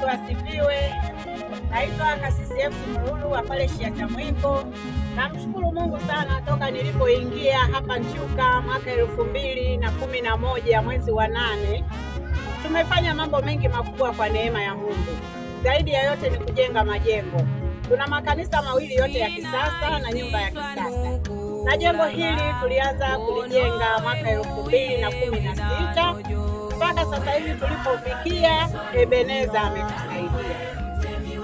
Yesu asifiwe. Naitwa Kasisi Efu Mrulu wa pale Shiatamwiko. Namshukuru Mungu sana toka nilipoingia hapa nchuka mwaka elfu mbili na kumi na moja mwezi wa nane, tumefanya mambo mengi makubwa kwa neema ya Mungu. Zaidi ya yote ni kujenga majengo. Tuna makanisa mawili yote ya kisasa na nyumba ya kisasa, na jengo hili tulianza kulijenga mwaka elfu mbili na kumi na sita mpaka sasa hivi tulipofikia, Ebeneza ametusaidia.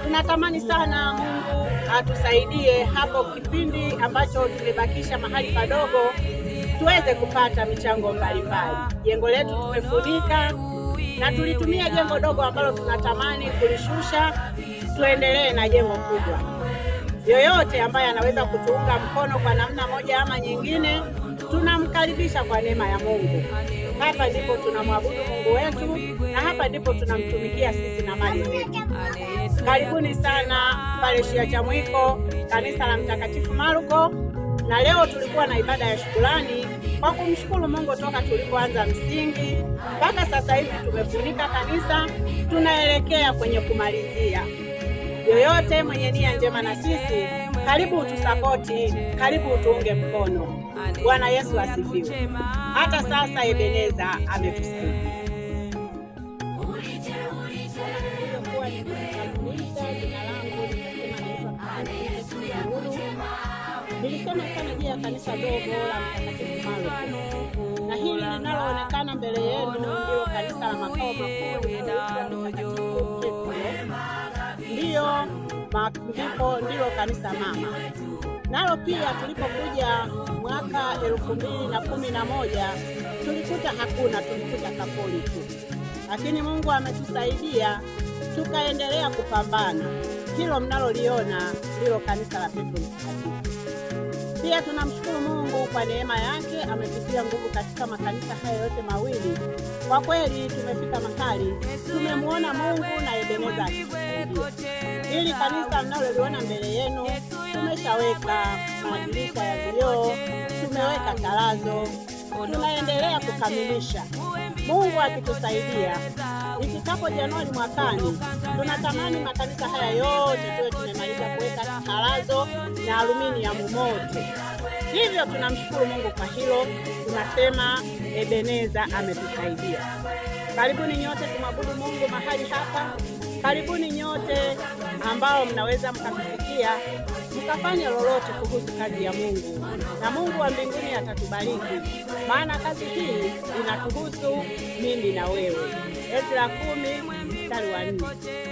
Tunatamani sana Mungu atusaidie hapo kipindi ambacho tumebakisha mahali padogo, tuweze kupata michango mbalimbali. Jengo letu tumefunika na tulitumia jengo dogo ambalo tunatamani kulishusha, tuendelee na jengo kubwa yoyote ambaye anaweza kutuunga mkono kwa namna moja ama nyingine, tunamkaribisha kwa neema ya Mungu. Hapa ndipo tunamwabudu Mungu wetu na hapa ndipo tunamtumikia sisi na mali zetu. Karibuni sana Parokia ya Chamwiko, kanisa la Mtakatifu Marko, na leo tulikuwa na ibada ya shukrani kwa kumshukuru Mungu toka tulipoanza msingi mpaka sasa hivi tumefunika kanisa, tunaelekea kwenye kumalizia. Yoyote mwenye nia njema na sisi, karibu utusapoti, karibu utuunge mkono. Bwana Yesu asifiwe. Hata sasa Ebeneza ametusikia. Nilisema sana juu ya kanisa dogo la Mtakatifu na hili linaloonekana mbele yenu ndio kanisa la makao makuu ndiyo ndipo ndilo kanisa mama. Nalo pia tulipokuja mwaka elfu mbili na kumi na moja tulikuta hakuna, tulikuta Kapoli tu, lakini Mungu ametusaidia tukaendelea kupambana. Hilo mnaloliona ndilo kanisa la Petro Mtakatifu. Pia tunamshukuru Mungu kwa neema yake, amepitia nguvu katika makanisa haya yote mawili. Kwa kweli tumefika mahali tumemwona Mungu na Ebeneza Hili kanisa mnaloliona mbele yenu, tumeshaweka madirisha ya vioo, tumeweka tarazo, tunaendelea kukamilisha. Mungu akitusaidia ifikapo Januari mwakani, tunatamani makanisa haya yote tuwe tumemaliza kuweka tarazo na alumini ya mumoto Hivyo tunamshukuru Mungu kwa hilo, tunasema Ebeneza ametusaidia. Karibuni nyote kumwabudu Mungu mahali hapa. Karibuni nyote ambao mnaweza mkatufikia mkafanya lolote kuhusu kazi ya Mungu, na Mungu wa mbinguni atatubariki, maana kazi hii inatuhusu mimi na wewe. Ezra kumi mstari wa nne.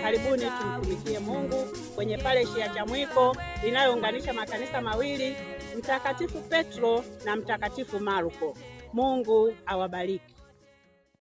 Karibuni tumtumikie Mungu kwenye pareshi ya Chamwiko inayounganisha makanisa mawili Mtakatifu Petro na Mtakatifu Marko. Mungu awabariki.